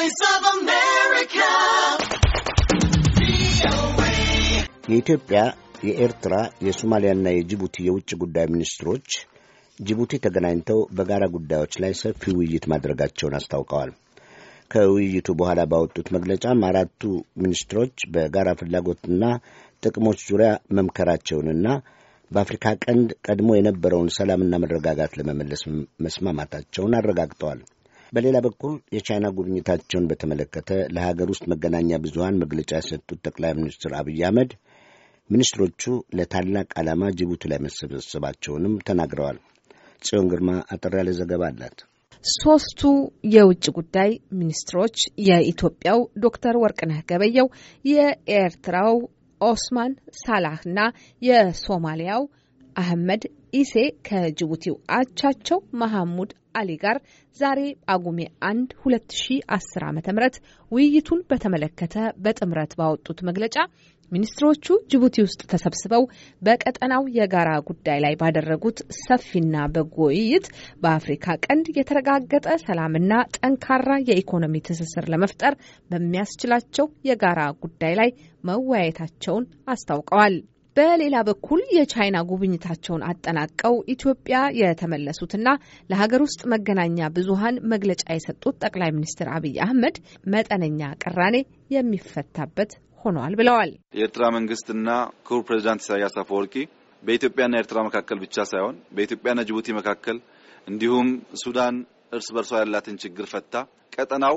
voice of America. የኢትዮጵያ የኤርትራ የሶማሊያና የጅቡቲ የውጭ ጉዳይ ሚኒስትሮች ጅቡቲ ተገናኝተው በጋራ ጉዳዮች ላይ ሰፊ ውይይት ማድረጋቸውን አስታውቀዋል። ከውይይቱ በኋላ ባወጡት መግለጫም አራቱ ሚኒስትሮች በጋራ ፍላጎትና ጥቅሞች ዙሪያ መምከራቸውንና በአፍሪካ ቀንድ ቀድሞ የነበረውን ሰላምና መረጋጋት ለመመለስ መስማማታቸውን አረጋግጠዋል። በሌላ በኩል የቻይና ጉብኝታቸውን በተመለከተ ለሀገር ውስጥ መገናኛ ብዙሀን መግለጫ የሰጡት ጠቅላይ ሚኒስትር አብይ አህመድ ሚኒስትሮቹ ለታላቅ ዓላማ ጅቡቲ ላይ መሰበሰባቸውንም ተናግረዋል። ጽዮን ግርማ አጠር ያለ ዘገባ አላት። ሶስቱ የውጭ ጉዳይ ሚኒስትሮች የኢትዮጵያው ዶክተር ወርቅነህ ገበየው፣ የኤርትራው ኦስማን ሳላህ የሶማሊያው አህመድ ኢሴ ከጅቡቲው አቻቸው መሐሙድ አሊ ጋር ዛሬ ጳጉሜ 1 2010 ዓ ም ውይይቱን በተመለከተ በጥምረት ባወጡት መግለጫ ሚኒስትሮቹ ጅቡቲ ውስጥ ተሰብስበው በቀጠናው የጋራ ጉዳይ ላይ ባደረጉት ሰፊና በጎ ውይይት በአፍሪካ ቀንድ የተረጋገጠ ሰላምና ጠንካራ የኢኮኖሚ ትስስር ለመፍጠር በሚያስችላቸው የጋራ ጉዳይ ላይ መወያየታቸውን አስታውቀዋል። በሌላ በኩል የቻይና ጉብኝታቸውን አጠናቀው ኢትዮጵያ የተመለሱትና ለሀገር ውስጥ መገናኛ ብዙሃን መግለጫ የሰጡት ጠቅላይ ሚኒስትር አብይ አህመድ መጠነኛ ቅራኔ የሚፈታበት ሆኗል ብለዋል። የኤርትራ መንግስትና ክቡር ፕሬዚዳንት ኢሳያስ አፈወርቂ በኢትዮጵያና ኤርትራ መካከል ብቻ ሳይሆን በኢትዮጵያና ጅቡቲ መካከል እንዲሁም ሱዳን እርስ በርሷ ያላትን ችግር ፈታ ቀጠናው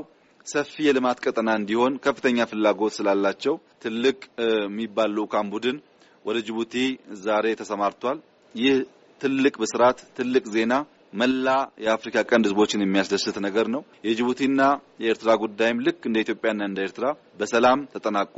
ሰፊ የልማት ቀጠና እንዲሆን ከፍተኛ ፍላጎት ስላላቸው ትልቅ የሚባል ልዑካን ቡድን ወደ ጅቡቲ ዛሬ ተሰማርቷል። ይህ ትልቅ ብስራት፣ ትልቅ ዜና መላ የአፍሪካ ቀንድ ህዝቦችን የሚያስደስት ነገር ነው። የጅቡቲና የኤርትራ ጉዳይም ልክ እንደ ኢትዮጵያና እንደ ኤርትራ በሰላም ተጠናቆ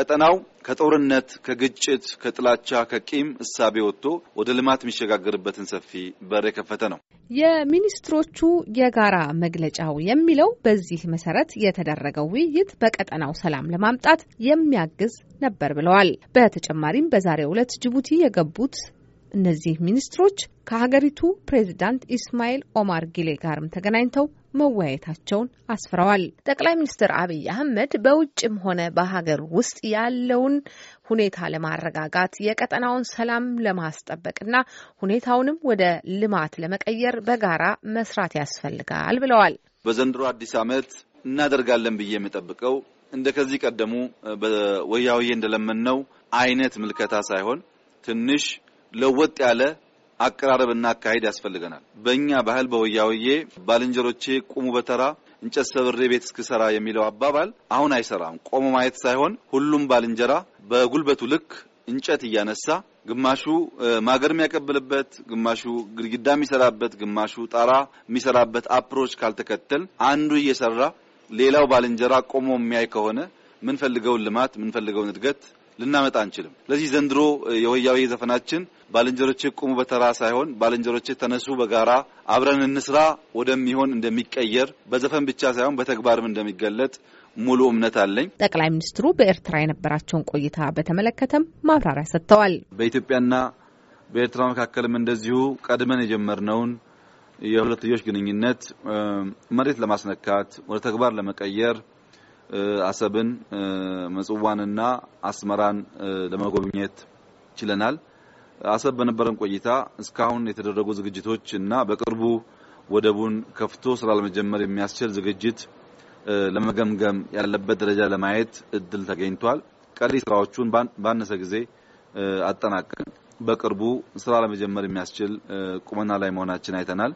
ቀጠናው ከጦርነት፣ ከግጭት፣ ከጥላቻ፣ ከቂም እሳቤ ወጥቶ ወደ ልማት የሚሸጋገርበትን ሰፊ በር የከፈተ ነው የሚኒስትሮቹ የጋራ መግለጫው የሚለው። በዚህ መሰረት የተደረገው ውይይት በቀጠናው ሰላም ለማምጣት የሚያግዝ ነበር ብለዋል። በተጨማሪም በዛሬው ዕለት ጅቡቲ የገቡት እነዚህ ሚኒስትሮች ከሀገሪቱ ፕሬዚዳንት ኢስማኤል ኦማር ጊሌ ጋርም ተገናኝተው መወያየታቸውን አስፍረዋል። ጠቅላይ ሚኒስትር አብይ አህመድ በውጭም ሆነ በሀገር ውስጥ ያለውን ሁኔታ ለማረጋጋት የቀጠናውን ሰላም ለማስጠበቅና ሁኔታውንም ወደ ልማት ለመቀየር በጋራ መስራት ያስፈልጋል ብለዋል። በዘንድሮ አዲስ ዓመት እናደርጋለን ብዬ የምጠብቀው እንደ ከዚህ ቀደሙ እንደለመን እንደለመነው አይነት ምልከታ ሳይሆን ትንሽ ለወጥ ያለ አቀራረብና አካሄድ ያስፈልገናል። በእኛ ባህል በወያወዬ ባልንጀሮቼ ቁሙ በተራ እንጨት ሰብሬ ቤት እስክሰራ የሚለው አባባል አሁን አይሰራም። ቆሞ ማየት ሳይሆን ሁሉም ባልንጀራ በጉልበቱ ልክ እንጨት እያነሳ ግማሹ ማገር የሚያቀብልበት፣ ግማሹ ግድግዳ የሚሰራበት፣ ግማሹ ጣራ የሚሰራበት አፕሮች ካልተከተል አንዱ እየሰራ ሌላው ባልንጀራ ቆሞ የሚያይ ከሆነ ምንፈልገውን ልማት ምንፈልገውን እድገት ልናመጣ አንችልም። ስለዚህ ዘንድሮ የወያዊ ዘፈናችን ባልንጀሮቼ ቁሙ በተራ ሳይሆን ባልንጀሮቼ ተነሱ በጋራ አብረን እንስራ ወደሚሆን እንደሚቀየር በዘፈን ብቻ ሳይሆን በተግባርም እንደሚገለጥ ሙሉ እምነት አለኝ። ጠቅላይ ሚኒስትሩ በኤርትራ የነበራቸውን ቆይታ በተመለከተም ማብራሪያ ሰጥተዋል። በኢትዮጵያና በኤርትራ መካከልም እንደዚሁ ቀድመን የጀመርነውን የሁለትዮሽ ግንኙነት መሬት ለማስነካት ወደ ተግባር ለመቀየር አሰብን፣ ምጽዋንና አስመራን ለመጎብኘት ችለናል። አሰብ በነበረን ቆይታ እስካሁን የተደረጉ ዝግጅቶች እና በቅርቡ ወደቡን ከፍቶ ስራ ለመጀመር የሚያስችል ዝግጅት ለመገምገም ያለበት ደረጃ ለማየት እድል ተገኝቷል። ቀሪ ስራዎቹን ባነሰ ጊዜ አጠናቀን በቅርቡ ስራ ለመጀመር የሚያስችል ቁመና ላይ መሆናችን አይተናል።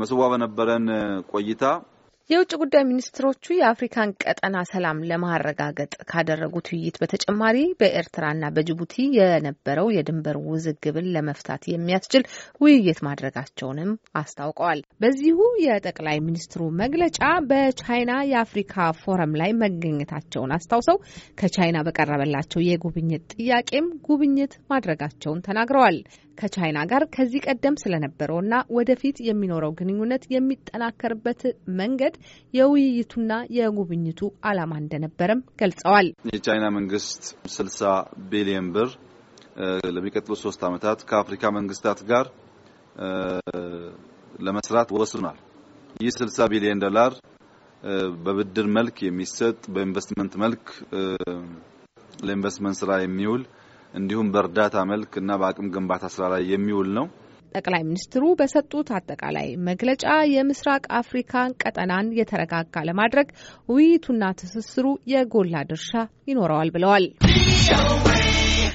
መሰዋ በነበረን ቆይታ የውጭ ጉዳይ ሚኒስትሮቹ የአፍሪካን ቀጠና ሰላም ለማረጋገጥ ካደረጉት ውይይት በተጨማሪ በኤርትራና በጅቡቲ የነበረው የድንበር ውዝግብን ለመፍታት የሚያስችል ውይይት ማድረጋቸውንም አስታውቀዋል። በዚሁ የጠቅላይ ሚኒስትሩ መግለጫ በቻይና የአፍሪካ ፎረም ላይ መገኘታቸውን አስታውሰው ከቻይና በቀረበላቸው የጉብኝት ጥያቄም ጉብኝት ማድረጋቸውን ተናግረዋል። ከቻይና ጋር ከዚህ ቀደም ስለነበረውና ወደፊት የሚኖረው ግንኙነት የሚጠናከርበት መንገድ የውይይቱና የጉብኝቱ ዓላማ እንደነበረም ገልጸዋል። የቻይና መንግስት ስልሳ ቢሊዮን ብር ለሚቀጥሉ ሶስት ዓመታት ከአፍሪካ መንግስታት ጋር ለመስራት ወስኗል። ይህ 60 ቢሊዮን ዶላር በብድር መልክ የሚሰጥ በኢንቨስትመንት መልክ ለኢንቨስትመንት ስራ የሚውል እንዲሁም በእርዳታ መልክ እና በአቅም ግንባታ ስራ ላይ የሚውል ነው። ጠቅላይ ሚኒስትሩ በሰጡት አጠቃላይ መግለጫ የምስራቅ አፍሪካን ቀጠናን የተረጋጋ ለማድረግ ውይይቱና ትስስሩ የጎላ ድርሻ ይኖረዋል ብለዋል።